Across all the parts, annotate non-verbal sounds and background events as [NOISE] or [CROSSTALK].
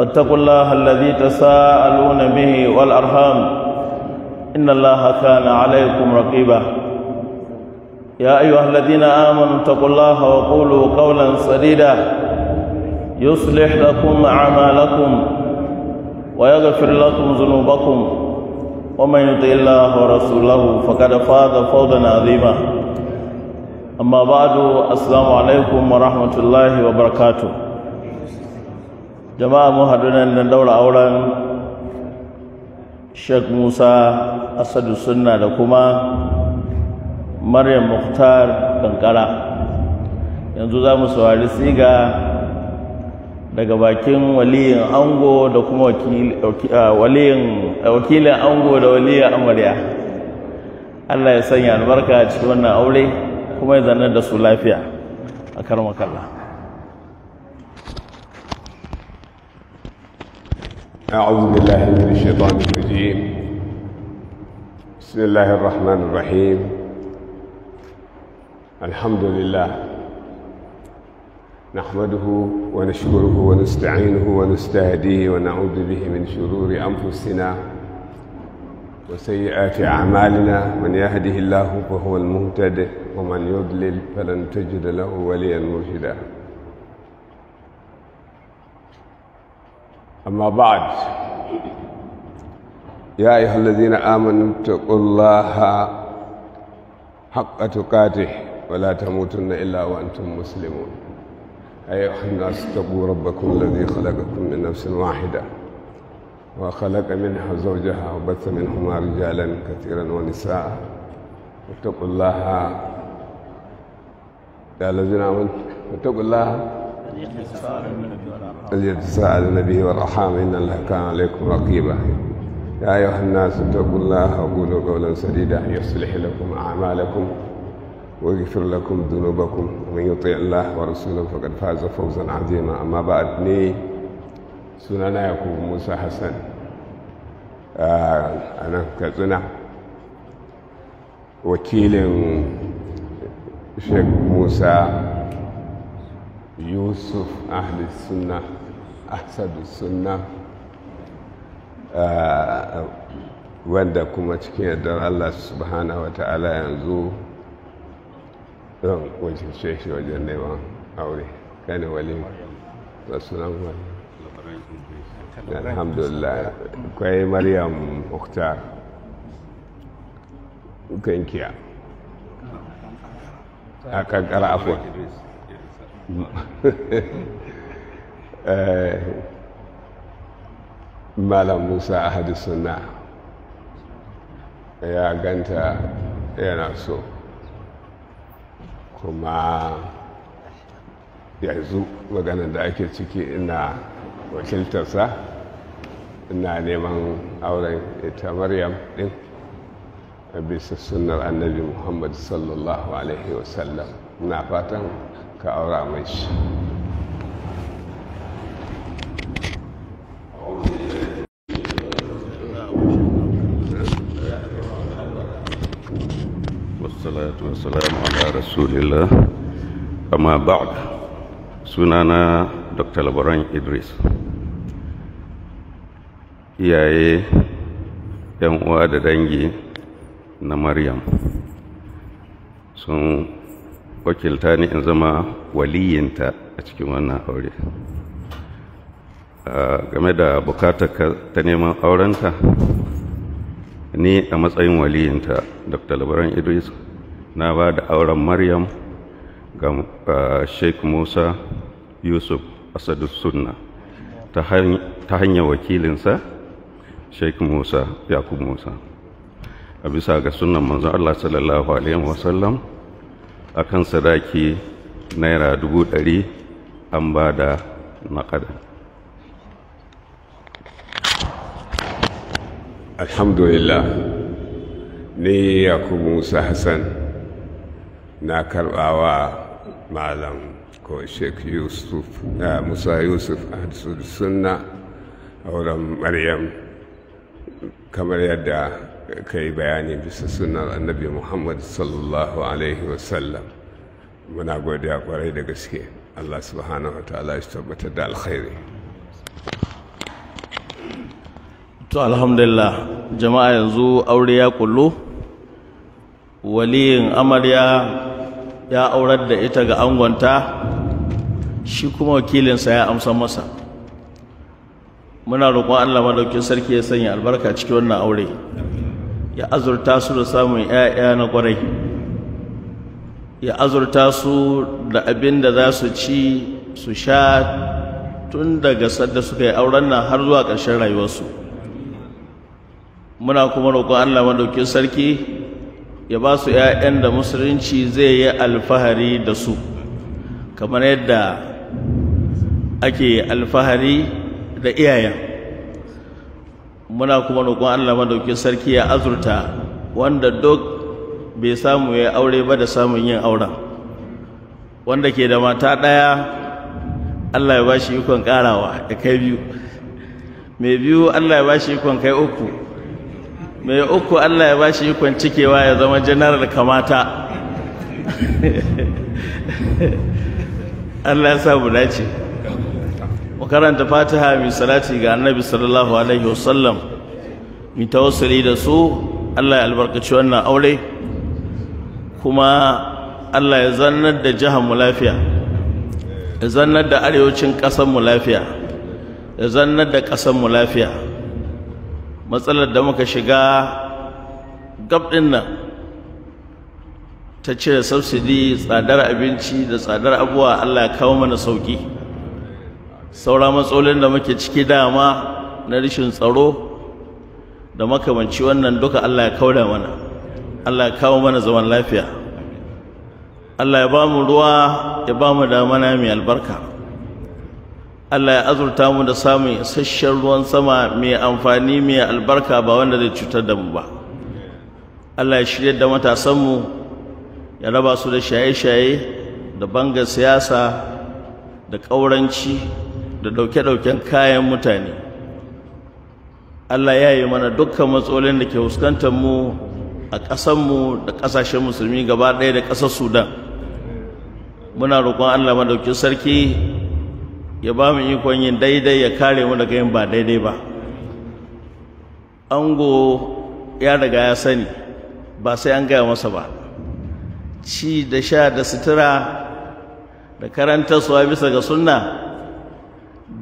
واتقوا الله الذي تساءلون به والأرحام إن الله كان عليكم رقيبا يا أيها الذين آمنوا اتقوا الله وقولوا قولا سديدا يصلح لكم أعمالكم ويغفر لكم ذنوبكم ومن يطع الله ورسوله فقد فاز فوزا عظيما أما بعد السلام عليكم ورحمة الله وبركاته jama'a mun haɗu nan na daura auren sheikh musa asadu sunna da kuma maryam mukhtar kankara yanzu za mu saurari siga daga bakin waliyin ango da kuma wakilin ango da waliyin amarya allah ya sanya albarka cikin wannan aure kuma ya zanar da su lafiya a karmakalla أعوذ بالله من الشيطان الرجيم بسم الله الرحمن الرحيم الحمد لله نحمده ونشكره ونستعينه ونستهديه ونعوذ به من شرور أنفسنا وسيئات أعمالنا من يهده الله فهو المهتد ومن يضلل فلن تجد له وليا مرشدا amma ba'ad ya yi hallazina amintu ƙullaha haƙa tukati wala ta mutum na ilawantun musulmi ayi hannu su taɓo rabakun lalzi khalakakun min nafsin wahida wa khalaka min hazo jiha batta min humar jalan katiran wani sa'a wani ta فليتساءلون به والارحام ان الله كان عليكم رقيبا يا ايها الناس اتقوا الله وقولوا قولا سديدا يصلح لكم اعمالكم ويغفر لكم ذنوبكم ومن يطيع الله ورسوله فقد فاز فوزا عظيما اما بعد ني سننا يكون موسى حسن انا كزنا وكيل شيخ موسى yusuf ahli sunna asadu sunna uh, wanda kuma cikin yardar allah subhanahu wata'ala yanzu zan wakilce shi wajen neman aure kane walima da sunan wani alhamdulillah kwai maryam muktar kankiya a kankara afuwa [LAUGHS] Eh, malam musa ahadu suna ya ganta yana so kuma yanzu maganar da ake ciki ina wakiltarsa ina neman auren ita maryam din bisa sunar annabi muhammad sallallahu alaihi wasallam na fatan ke orang wis wassalatu wassalamu ala rasulillah amma ba'd sunana dr Laborang idris Iyai yang uwa Namariam. dangi na maryam sun wakilta ni in zama waliyinta a cikin wannan aure game da bukatar ta neman aurenta ni a matsayin waliyinta dr labaran idris na ba da auren maryam ga sheik musa yusuf asadu sunna ta hanyar wakilinsa sheik musa yakub musa a bisa ga sunan manzon allah sallallahu alaihi wasallam a kan sadaki naira dubu ɗari an ba da naƙada alhamdulillah ni yakubu musa hassan na karɓawa malam ko sheikh yusuf eh, musa yusuf a sunna auren maryam kamar yadda ka yi bayani bisa sunan annabi muhammad sallallahu alaihi wasallam muna godiya kwarai da gaske allah subhanahu wa ta'ala shi tabbatar da alkhairi to alhamdulillah jama'a yanzu aure ya kullu waliyin amarya ya aurar da ita ga angonta shi kuma wakilinsa ya amsa masa muna roƙon Allah madaukin sarki ya sanya albarka cikin wannan aure ya azurta su da samun ƴaƴa na ƙwarai ya azurta su da abin da za su ci su sha tun daga sadda suka yi auren nan har zuwa ƙarshen rayuwarsu muna kuma roƙon Allah madaukin sarki ya ba su ƴaƴan da musulunci zai yi alfahari da su kamar yadda ake alfahari da iyayen muna kuma roƙon Allah madaukin sarki ya azurta wanda duk bai samu ya aure ba da samun yin auren wanda ke da mata ɗaya Allah ya ba shi ikon ƙarawa ya kai biyu mai biyu Allah ya ba shi ikon kai uku mai uku Allah ya ba shi ikon cikewa ya zama janaral kamata [LAUGHS] Allah ya sa mu dace mu karanta fatiha mai salati ga annabi sallallahu alaihi wasallam mai tawassuli da su Allah ya albarkaci wannan aure kuma Allah ya zannar da jihar mu lafiya ya zannar da arewacin ƙasar mu lafiya ya zannar da kasar mu lafiya matsalar da muka shiga gab ɗin nan ta cire subsidy tsadar abinci da tsadar abubuwa Allah ya kawo mana sauki saura matsalolin da muke ciki dama na rashin tsaro da makamanci wannan duka Allah ya kauda mana Allah ya kawo mana zaman lafiya Allah ya ba mu ruwa ya ba mu damana mai albarka Allah ya azurta mu da samun isasshen ruwan sama mai amfani mai albarka ba wanda zai cutar da mu ba Allah ya shirya da matasanmu ya raba su da shaye-shaye da bangar siyasa da ƙauranci da ɗauke-ɗauken kayan mutane Allah ya yi mana dukkan matsalolin da ke fuskantar mu a mu da ƙasashen musulmi gaba ɗaya da ƙasar sudan muna roƙon Allah madaukin sarki ya ba mu ikon yin daidai ya kare mu daga yin ba daidai ba ango ya riga ya sani ba sai an gaya masa ba ci da sha da sutura da suwa bisa ga sunna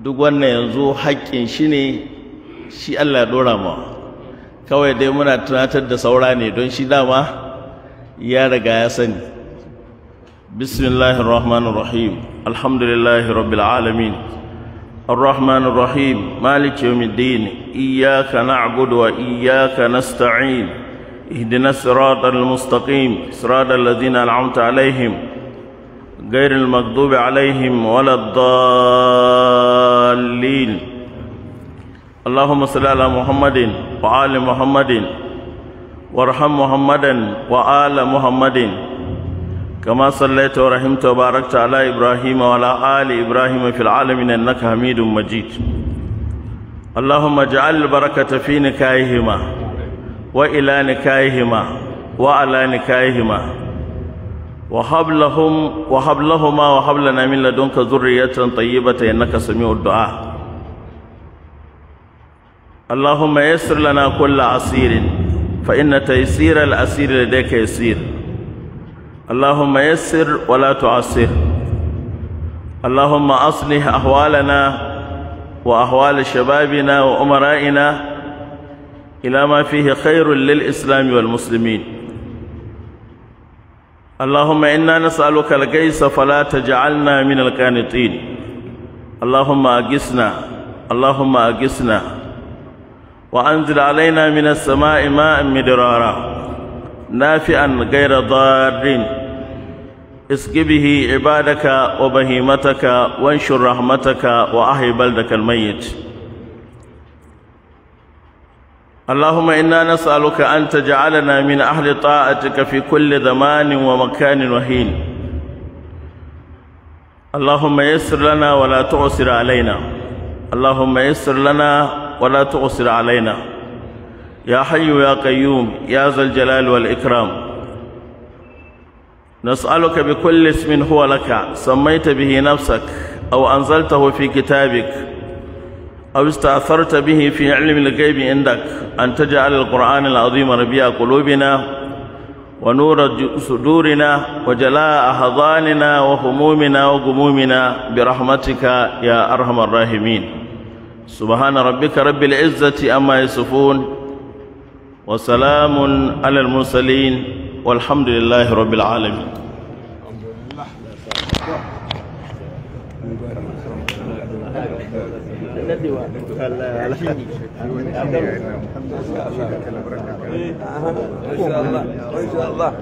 duk wannan yanzu haƙƙin shi ne shi Allah ya ɗora ma kawai dai muna tunatar da saura ne don shi dama ya riga ya sani bismillahirrahmanirrahim alhamdulillahi rabbil alamin الرحمن الرحيم مالك يوم الدين إياك نعبد وإياك نستعين اهدنا الصراط المستقيم صراط الذين أنعمت عليهم غير المغضوب عليهم ولا الضالين اللهم صل على محمد وآل محمد وارحم محمدا وآل محمد كما صليت ورحمت وباركت على إبراهيم وعلى آل إبراهيم في العالمين إنك حميد مجيد اللهم اجعل البركة في نكايهما وإلى نكايهما وعلى نكايهما وهب لهم وهب لهما وهب لنا من لدنك ذرية طيبة إنك سميع الدعاء اللهم يسر لنا كل عسير فإن تيسير العسير لديك يسير اللهم يسر ولا تعسر اللهم أصلح أحوالنا وأحوال شبابنا وأمرائنا إلى ما فيه خير للإسلام والمسلمين اللهم إنا نسألك الغيث فلا تجعلنا من القانطين اللهم أجسنا اللهم أجسنا وأنزل علينا من السماء ماء مدرارا نافعا غير ضار اسق به عبادك وبهيمتك وانشر رحمتك وأحي بلدك الميت اللهم إنا نسألك أن تجعلنا من أهل طاعتك في كل زمان ومكان وحين اللهم يسر لنا ولا تعسر علينا اللهم يسر لنا ولا تعسر علينا يا حي يا قيوم يا ذا الجلال والإكرام نسألك بكل اسم هو لك سميت به نفسك أو أنزلته في كتابك أو استأثرت به في علم الغيب عندك أن تجعل القرآن العظيم ربيع قلوبنا ونور صدورنا وجلاء أحضاننا وهمومنا وغمومنا برحمتك يا أرحم الراحمين سبحان ربك رب العزة أما يصفون وسلام على المرسلين والحمد لله رب العالمين اللواء لا لا ان شاء الله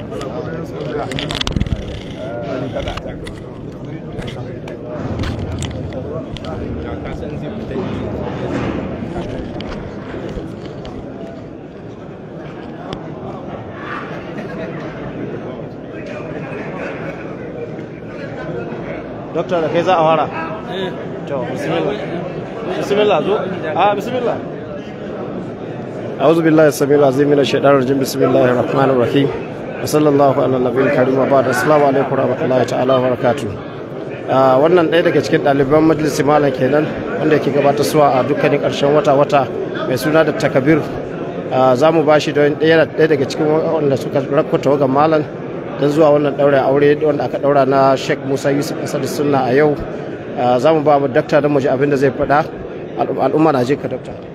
ان بسم الله زو اه بسم الله أعوذ بالله السميع العظيم من الشيطان الرجيم بسم الله الرحمن الرحيم وصلى الله على النبي الكريم وبعد السلام عليكم ورحمة الله تعالى وبركاته wannan ɗaya daga cikin ɗaliban majalisi malam kenan wanda yake gabata suwa a dukkanin ƙarshen wata-wata mai suna da takabir ah, za mu bashi don ɗaya daga cikin wanda suka rakuta wagan malam don zuwa wannan ɗaura aure wanda aka ɗaura na sheikh musa yusuf asadu sunna a yau Ah, za mu ba mu dakta don mu ji abin da zai faɗa al'umma na ka dakta sami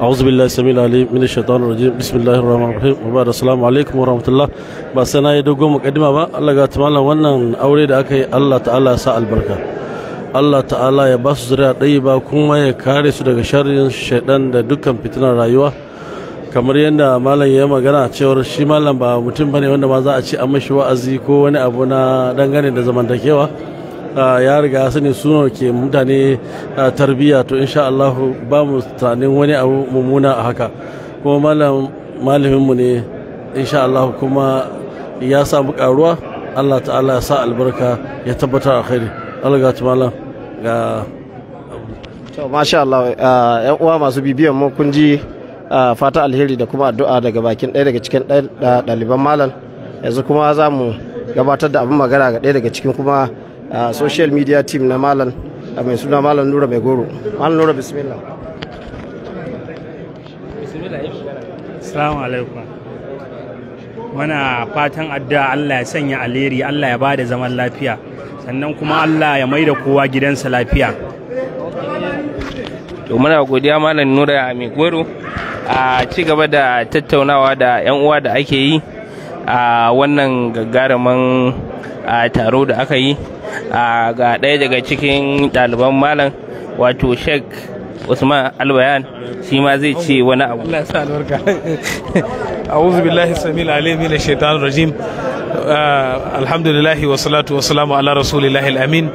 أعوذ بالله السميع العليم من الشيطان الرجيم بسم الله الرحمن الرحيم وبعد السلام alaikum wa الله ba sai na yi dogon dogo mukaddima ba Allah ga tumala wannan aure da aka yi Allah ta'ala sa albarka Allah ta'ala ya ba su zuriya ɗaya ba kuma ya kare su daga sharrin shaidan da dukkan fitinar rayuwa kamar yadda malam ya magana cewar shi malam ba mutum ba ne wanda ma za a ce an mashi wa'azi ko wani abu na dangane da zamantakewa Ah, ya riga sani suna ke mutane ah, tarbiya to insha Allah ba mu tunanin wani abu mummuna a haka kuma malam malaminmu ne insha Allah kuma ya samu karuwa Allah ta'ala ya sa albarka ya tabbatar a khairi Allah ga malam ga to masha Allah ah, yan uwa masu bibiyan mu kun ji fata alheri da kuma addu'a daga bakin ɗaya daga cikin ɗaliban malam yanzu kuma za mu gabatar da abin magana ga ɗaya daga cikin kuma social media team na malam mai suna malam nura mai goro malam nura bismillah bismillah alaikum muna fatan addu'a Allah ya sanya aleri Allah ya bada zaman lafiya sannan kuma Allah ya maida kowa gidansa lafiya to muna godiya malam nura mai goro a ci gaba da tattaunawa da 'yan uwa da ake yi a wannan gagaraman taro da aka yi ga ɗaya daga cikin ɗaliban malam wato sheik usman albayan shi ma zai ce wani abu Allah sa albarka [LAUGHS] a'udhu billahi samil alim min shaitanir rajim ah, alhamdulillah wa salatu wa salamu ala rasulillah al-amin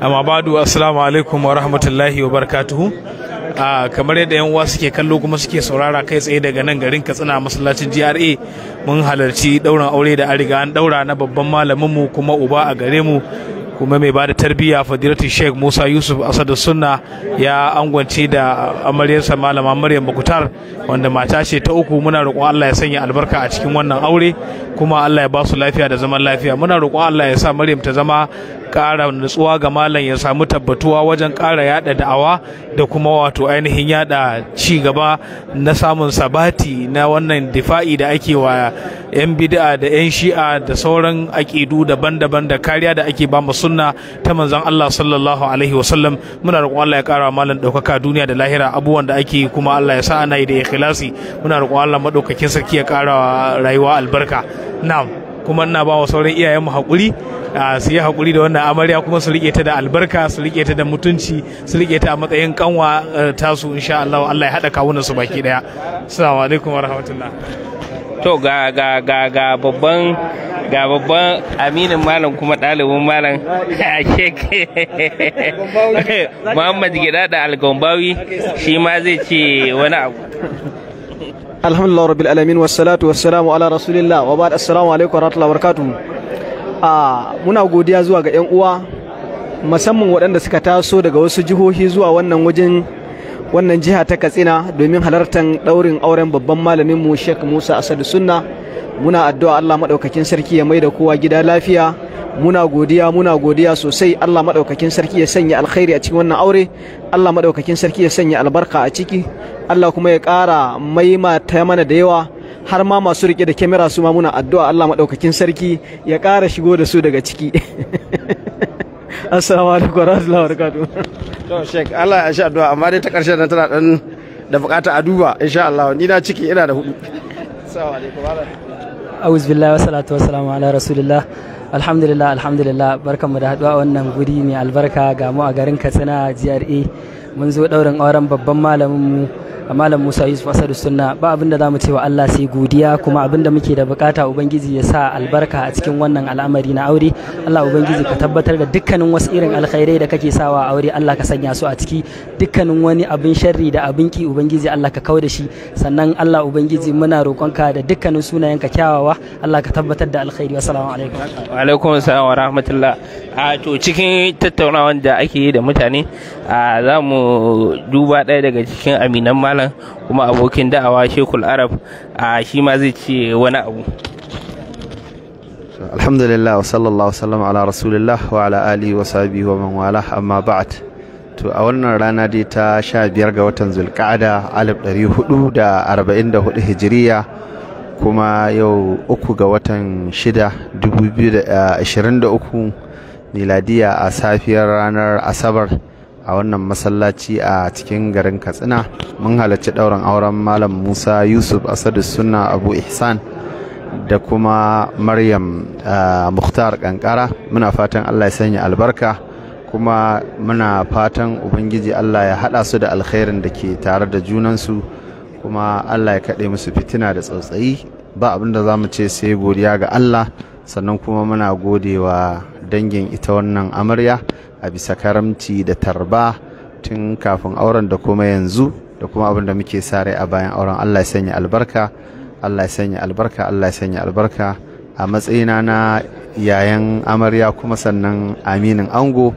amma ba'du assalamu alaikum wa rahmatullahi wa barakatuhu ah, kamar yadda yan uwa suke kallo kuma suke saurara kai tsaye daga nan garin Katsina masallacin GRA mun halarci dauran aure da an riga an daura na babban malaminmu kuma uba a gare mu kuma mai bada tarbiyya fadilatu sheikh musa yusuf asadu sunna ya angwance da amaryarsa malama maryam Muktar. wanda mata ce ta uku muna roƙon allah ya sanya albarka a cikin wannan aure kuma allah ya ba su lafiya da zaman lafiya muna roƙon allah ya sa maryam ta zama ƙara nutsuwa ga malam ya samu tabbatuwa wajen ƙara yada da'awa da kuma wato ainihin yada ci gaba na samun sabati na wannan difa'i da ake waya. 'yan bid'a da 'yan shi'a da sauran aƙidu daban-daban da kariya da ake ba mu sunna ta manzon Allah sallallahu alaihi wa sallam muna roƙon Allah ya ƙara malam ɗaukaka duniya da lahira abubuwan da ake kuma Allah ya sa ana yi da ikhlasi muna roƙon Allah maɗaukakin sarki ya ƙara rayuwa albarka na'am kuma ina ba wa sauran iyayenmu haƙuri su yi hakuri da wannan amarya kuma su riƙe ta da albarka su riƙe ta da mutunci su riƙe ta a matsayin kanwa eh, tasu insha Allah Allah ya haɗa kawunan su baki ɗaya assalamu alaikum wa rahmatullah to ga ga ga ga babban ga babban aminin malam kuma ɗalibin malam a [LAUGHS] shek muhammad gida da algombawi shi ma zai ce wani abu alhamdulillah rabbil alamin wassalatu wassalamu ala rasulillah wa ba'd assalamu alaikum warahmatullahi wabarakatuh a muna godiya zuwa ga yan uwa musamman waɗanda suka taso daga wasu jihohi zuwa wannan wajen wannan jiha ta katsina domin halartar daurin auren babban malamin mu sheikh musa asadu sunna muna addu'a allah maɗaukakin sarki ya maida kowa gida lafiya muna godiya muna godiya sosai allah maɗaukakin sarki ya sanya alkhairi a cikin wannan aure allah maɗaukakin sarki ya sanya albarka a ciki allah kuma ya ƙara ta mana da yawa har ma masu rike da kyamara su ma muna addu'a allah maɗaukakin sarki ya ƙara shigo da su daga ciki [LAUGHS] assalamu alaikum wa rahmatullahi wa barakatuh to Allah ya sha addu'a amma dai ta karshen nan tana dan da bukata a duba insha Allah ni na ciki ina da hudu assalamu alaikum a'udhu billahi wassalatu wassalamu ala rasulillah alhamdulillah alhamdulillah barkanmu da haduwa wannan guri mai albarka ga mu a garin Katsina GRA mun zo daurin auren babban malamin mu malam Musa Yusuf Asadu Sunna ba abin da zamu cewa Allah sai godiya kuma abin da muke da bukata ubangiji ya sa albarka a cikin wannan al'amari na aure Allah ubangiji ka tabbatar da dukkanin wasu irin alkhairai da kake sawa a aure Allah ka sanya su a ciki dukkanin wani abin sharri da abin ki ubangiji Allah ka da shi sannan Allah ubangiji muna roƙonka da dukkanin sunayen ka kyawawa Allah ka tabbatar da alkhairi assalamu alaikum wa alaikum assalam wa rahmatullah a to cikin tattaunawan da ake yi da mutane za mu duba ɗaya daga cikin aminan ma malam kuma abokin da'awa shekul arab a shi ma zai ce wani abu alhamdulillah wa sallallahu wasallam ala rasulillah wa ala ali wa sabi wa man wala amma ba'at to a wannan rana dai ta sha biyar ga watan zulqa'ada alif ɗari hudu da arba'in da hudu hijiriya kuma yau uku ga watan shida dubu biyu da eh, ashirin da uku miladiya a safiyar ranar asabar a wannan masallaci a cikin garin katsina mun halarci ɗaurin auren malam musa yusuf asadu suna abu ihsan da kuma maryam muhtar kankara muna fatan allah ya sanya albarka kuma muna fatan ubangiji allah ya haɗa su da alkhairin da ke tare da junansu kuma allah ya kaɗe musu fitina da tsautsayi ba abin da za mu ce sai godiya ga allah sannan kuma muna gode wa dangin ita wannan amarya a bisa karamci da tarba tun kafin auren da kuma yanzu da kuma abin da muke sare a bayan auren Allah ya sanya albarka Allah ya sanya albarka Allah ya sanya albarka a matsayina na yayan amarya kuma sannan aminin ango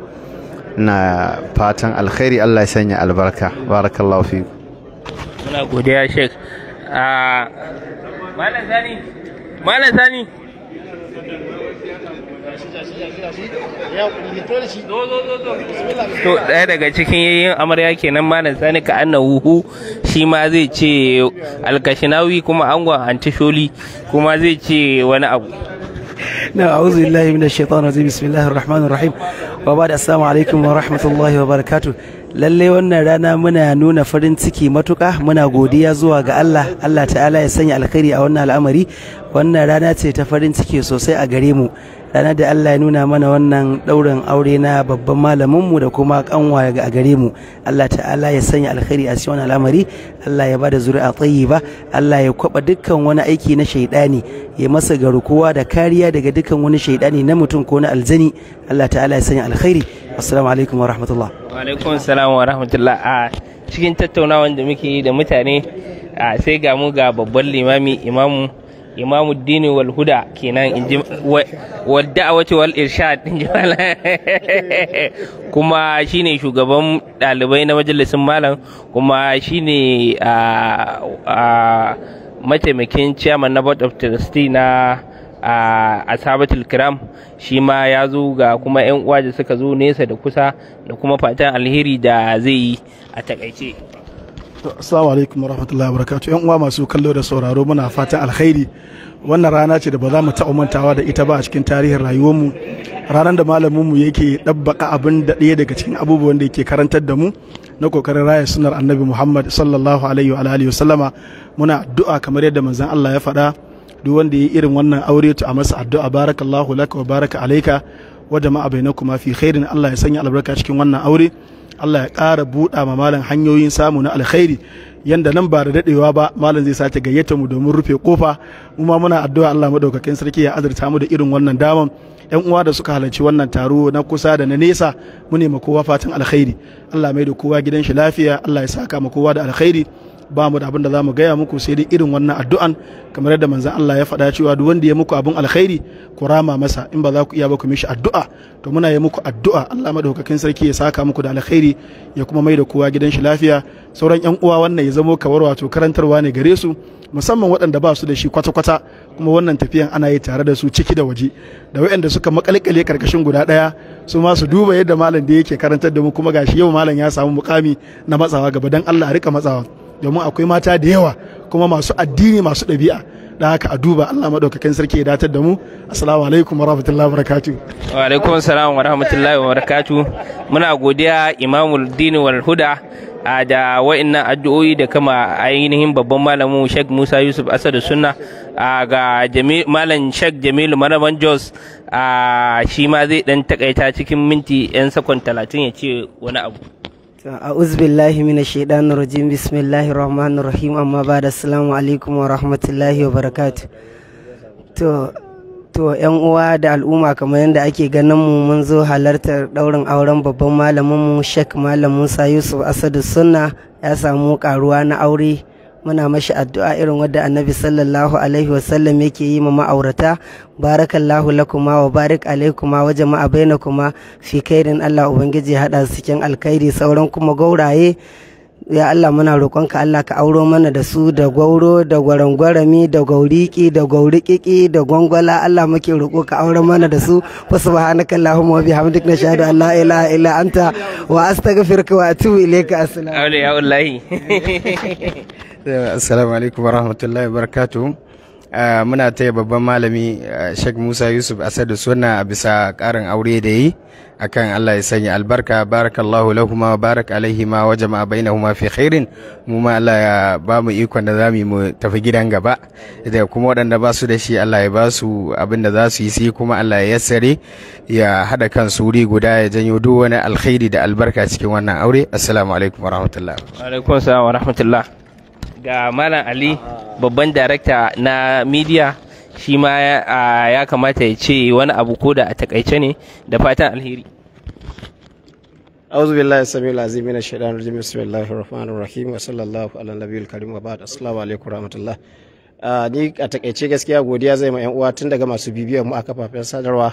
na fatan alkhairi Allah ya sanya albarka barakallahu fi muna godiya a ah, malam sani malam sani to ɗaya daga cikin yayin amarya kenan malam sani ka annahu shi ma zai ce alkashinawi kuma angon antisholi kuma zai ce wani abu نعم billahi minash من rajim bismillahir rahmanir rahim. الرحمن الرحيم assalamu alaikum wa rahmatullahi wa barakatuh. lallai wannan rana muna nuna farin ciki matuka muna godiya zuwa ga Allah Allah ta'ala ya sanya alkhairi a wannan al'amari wannan rana ce ta farin ciki sosai a gare mu ranar da Allah ya nuna mana wannan ɗaurin aure na babban malaminmu da kuma kanwa a gare mu Allah ta'ala ya sanya alkhairi a cikin wannan al'amari Allah ya bada zuri'a tayyiba Allah ya kwaba dukkan wani aiki na shaidani ya masa garkuwa da kariya daga dukkan wani shaidani na mutum ko na aljani Allah ta'ala ya sanya alkhairi assalamu alaikum wa rahmatullah wa alaikum assalam wa rahmatullah a cikin tattaunawa da muke yi da mutane sai ga mu ga babban limami imamu imamu dini wal huda kenan in ji wal da'awati wal irshad in ji [LAUGHS] kuma shine shugaban dalibai na majalisin malam kuma shine a mataimakin chairman na board of trustee na a sabatul kiram shi ma ya zo ga kuma 'yan uwa da suka zo nesa da kusa da kuma fatan alheri da zai yi a takaice Assalamu alaikum wa rahmatullahi wa barakatuh. ‘Yan uwa masu kallo da sauraro muna fatan alkhairi. Wannan rana ce da ba za mu mantawa da ita ba a cikin tarihin rayuwar mu. Ranar da mu yake ɗabbaka abin da ɗaya daga cikin abubuwan da yake karantar da mu na kokarin raya sunar annabi Muhammad sallallahu alaihi wa alihi sallama muna addu'a kamar yadda manzon Allah ya faɗa duk wanda ya irin wannan aure to a masa addu'a barakallahu laka wa baraka alaika wa jama'a bainakum fi khairin Allah ya sanya albarka cikin wannan aure. Allah ya ƙara buɗa ma malam hanyoyin samu na alkhairi yanda nan ba da daɗewa ba malam zai sake gayyata mu domin rufe kofa mu ma muna addu'a Allah madaukakin sarki ya azurta mu da irin wannan daman yan uwa da suka halarci wannan taro na kusa da na nesa mu ne ma kowa fatan alkhairi Allah mai da kowa gidan shi lafiya Allah ya saka ma kowa da alkhairi ba mu da abin da za mu gaya muku sai dai irin wannan addu'an kamar yadda manzon Allah ya faɗa cewa duk wanda ya muku abin alkhairi ku rama masa in ba za ku iya ba ku mishi addu'a to muna yi muku addu'a Allah madaukakin sarki ya saka muku da alkhairi ya kuma mai da kowa gidan shi lafiya sauran yan uwa wannan ya zamo kawar wato karantarwa ne gare su musamman waɗanda ba su da shi kwata-kwata kuma wannan tafiyan ana yi tare da su ciki da waje da waɗanda suka makalkale karkashin guda ɗaya su ma su duba yadda malam da yake karantar da mu kuma gashi yau malam ya samu mukami na matsawa gaba dan Allah a rika matsawa domin akwai mata da yawa kuma masu addini masu ɗabi'a da haka a duba Allah maɗaukakin sarki ya datar da mu assalamu alaikum warahmatullahi wabarakatuh wa alaikum assalam warahmatullahi wabarakatuh muna godiya imamul dini wal huda da wa'annan addu'o'i da kama ainihin babban malamin Sheikh Musa Yusuf Asadu Sunna ga malam Sheikh Jamilu Maraban Jos shi ma zai dan takaita cikin minti 'yan sakon talatin ya ce wani abu a'uzubillahi mina rajim الشيطان الرجيم rahim amma ba da أما alaikum wa rahmatullahi wa to to yan uwa da al'umma kamar yadda ake ganin mu mun zo halartar ɗaurin auren babban malamin mu Sheikh Malam Musa Yusuf Asadu Sunna ya samu karuwa na aure muna mashi addu'a irin wadda annabi sallallahu alaihi wasallam yake yi ma ma'aurata barakallahu lakuma wa barik alaikuma wa jama'a bainakuma fi kairin Allah ubangiji hada su cikin alkhairi sauran kuma gauraye ya Allah muna roƙonka Allah ka auro mana da su da gwauro da gwarangwarami da gauriki da gaurikiki da gwangwala Allah muke roƙo ka auro mana da su fa subhanaka allahumma wa bihamdika nashhadu an la ilaha illa anta wa astaghfiruka wa atubu ilayka assalamu [LAUGHS] assalamu alaikum wa rahmatullahi barakatu ah, muna taya babban malami ah, sheikh musa yusuf asadu suna a bisa karin aure da yi akan allah ya sanya albarka barakallahu lahuma wa barak alaihima wa jama'a bainahuma fi khairin mu ma allah ya ba mu ikon da za mu tafi gidan gaba da kuma waɗanda ba su da shi allah ya ba su abin da za su yi sai kuma allah ya yassare ya haɗa kan suri guda ya janyo duk wani alkhairi da albarka cikin wannan aure assalamu alaikum wa rahmatullah wa alaikum wa rahmatullahi ga Malam Ali babban director na media shi ma ya kamata ya ce wani abu ko da a takaice ne da fatan alheri. أعوذ بالله السميع العظيم من الشيطان الرجيم بسم الله الرحمن الرحيم وصلى الله على النبي الكريم وبعد السلام عليكم ورحمة الله ni a takaice gaskiya godiya zai ma 'yan uwa tun daga masu bibiyar mu a kafafen sadarwa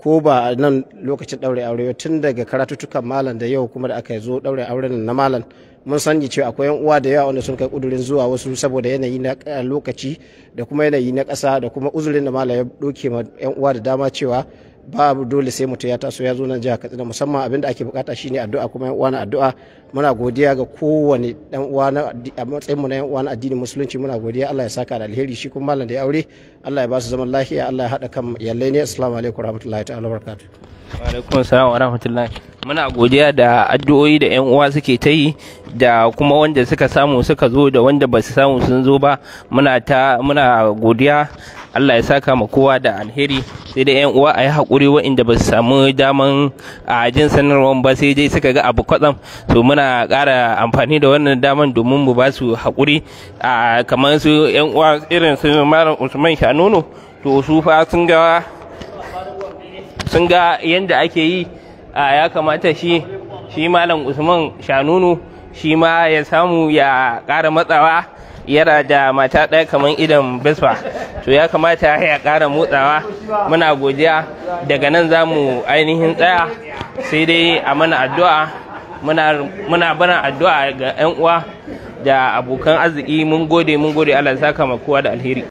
ko ba a nan lokacin ɗaure aure tun daga karatuttukan malam da yau kuma da aka zo ɗaure auren na malam mun sani cewa akwai yan uwa da yawa wanda sun kai kudurin zuwa wasu saboda yanayi na eh, lokaci da kuma yanayi na ƙasa da kuma uzurin da malam ya doke ma yan uwa da dama cewa ba dole sai mutum ya taso ya zo nan jiha katsina musamman abinda ake bukata shine addu'a kuma yan uwa na addu'a muna godiya ga kowane dan uwa na a matsayin mu na yan uwa na addinin musulunci muna godiya Allah ya saka da alheri shi kuma malam da ya aure Allah ya ba su zaman lafiya Allah ya hada kan yalle ne assalamu alaikum warahmatullahi ta'ala barakatuh wa alaikum assalam warahmatullahi muna godiya da addu'o'i da yan uwa suke ta yi da kuma wanda suka samu suka zo da wanda ba su samu sun zo ba muna ta muna godiya Allah ya saka ma kowa da alheri sai da yan uwa a yi haƙuri waɗanda ba su samu daman a jin sanarwar ba sai dai suka ga abu kwatsam to muna ƙara amfani da wannan daman domin mu ba su haƙuri a kamar su yan uwa irin su malam Usman Shanuno to su fa sun ga sun ga yanda ake yi a ya kamata shi shi malam Usman Shanuno shi ma ya samu ya ƙara matsawa yana da mata ɗaya kamar idan bisfa to ya kamata ya ƙara motsawa muna godiya daga nan za mu ainihin tsaya sai dai a mana addu'a muna barin addu'a ga 'yan uwa da abokan arziki mun gode mun gode allah saka ma kowa da alheri